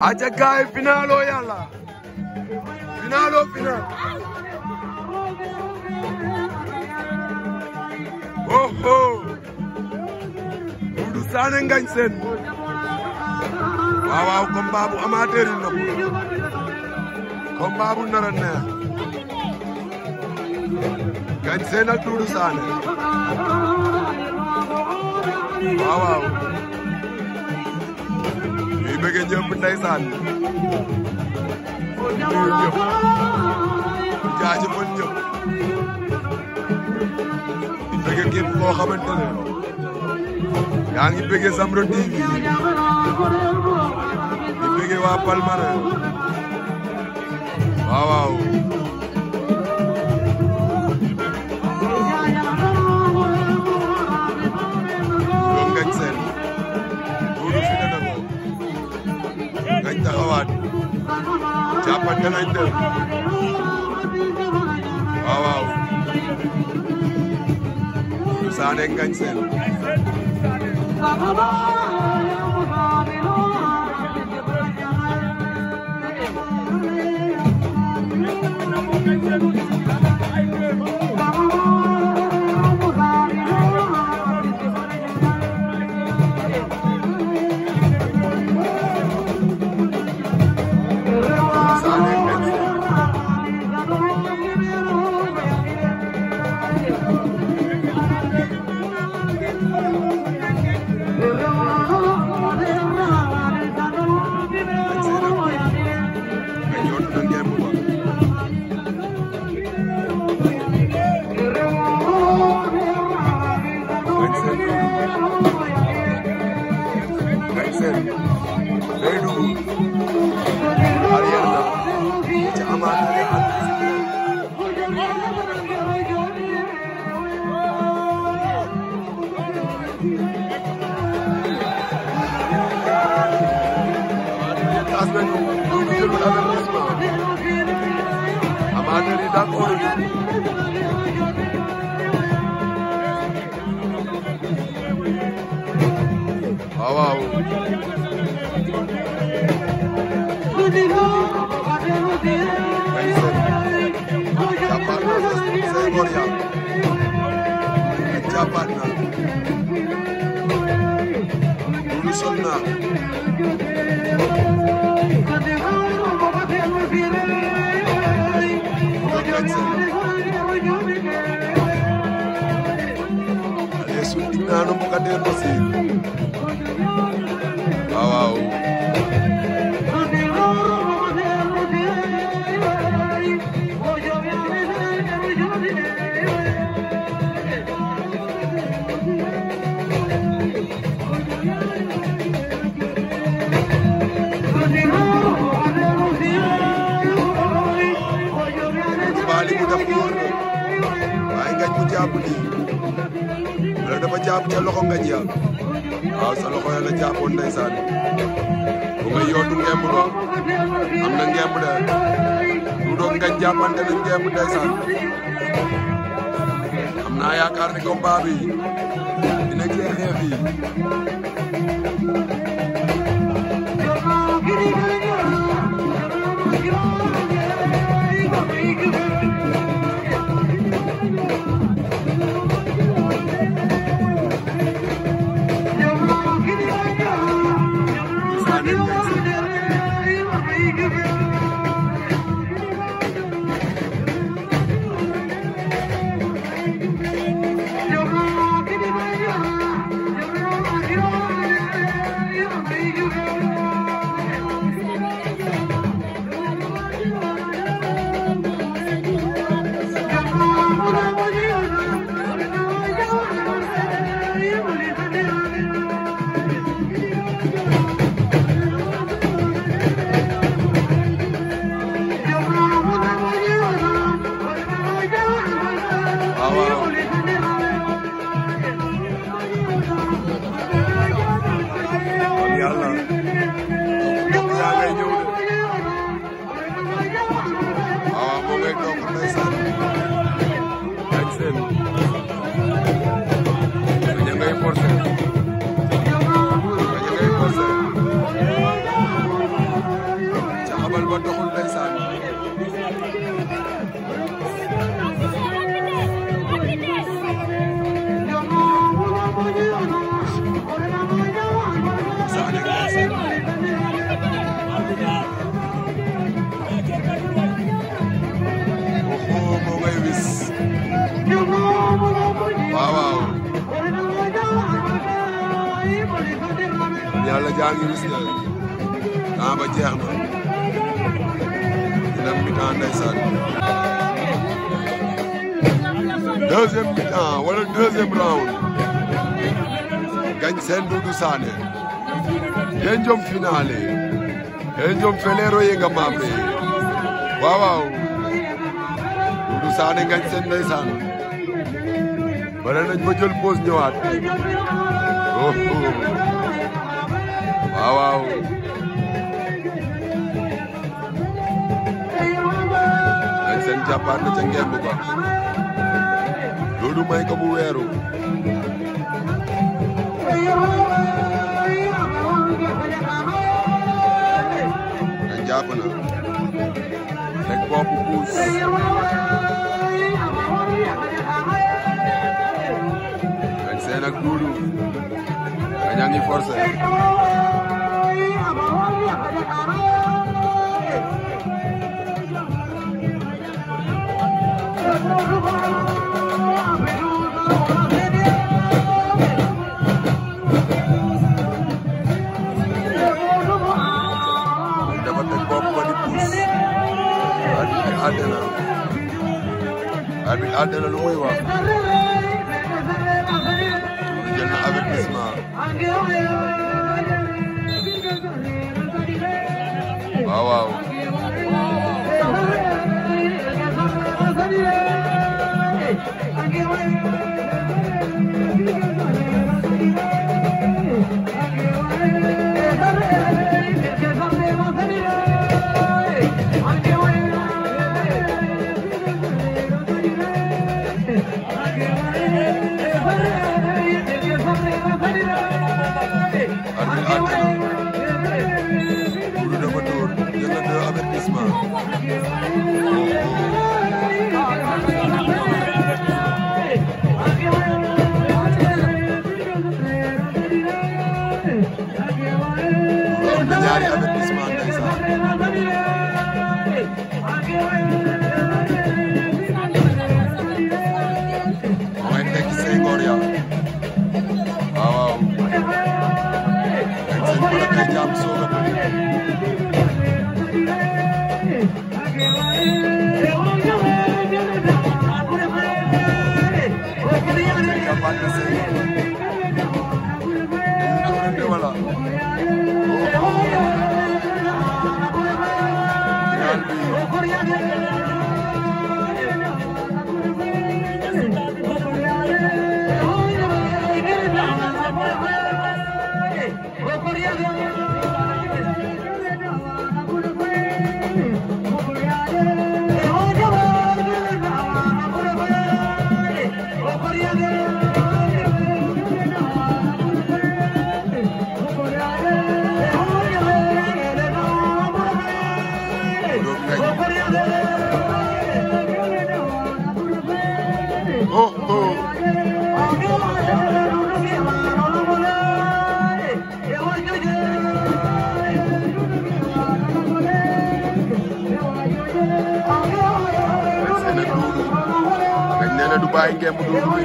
aca gaay final o yàlla final o final oho oh. Doudou Sané Ngagne Sène waaw waaw combat bu amateur yi nopp combat bu nara ak Doudou Sané waaw Joe ndeysaan nuyu ñëpp jaajëfal ñëpp di bëgg képp koo xamante ne yaa ngi bëgg Zambro TV di bëgg waa Palmarin waaw waaw jàppante lañ def waaw waaw Sané Ngagne Sène waaw waaw jàppaat na Doudou sol na na numbuka ndiyo ndosiri jàpp ca loxo ngañ ya loxo ya la jàppoon ndeysaan bu nga yootu ngemb ba am na ngemb de du doon ngañ jàppante na ngemb ndeysaan am naa yaakaar ne combat bi dina jeexee fii jaa ngi gis ne ba jeex na dina mi-temps ndeysaan deuxième mi wala deuxième round gañ seen Doudou Sané jom finale den jom felero yenga mabe waaw waaw Doudou Sané gañ seen ndeysaan nañ ba jël pause ñëwaat oh. jàppaat na ca ngemb ba may ko mu weeru nga jàpp na rek bopp puus rek seen ak duudu nga al de la nueva. madrasa yi Yeah, yeah, yeah. Dubaay ngemb doomu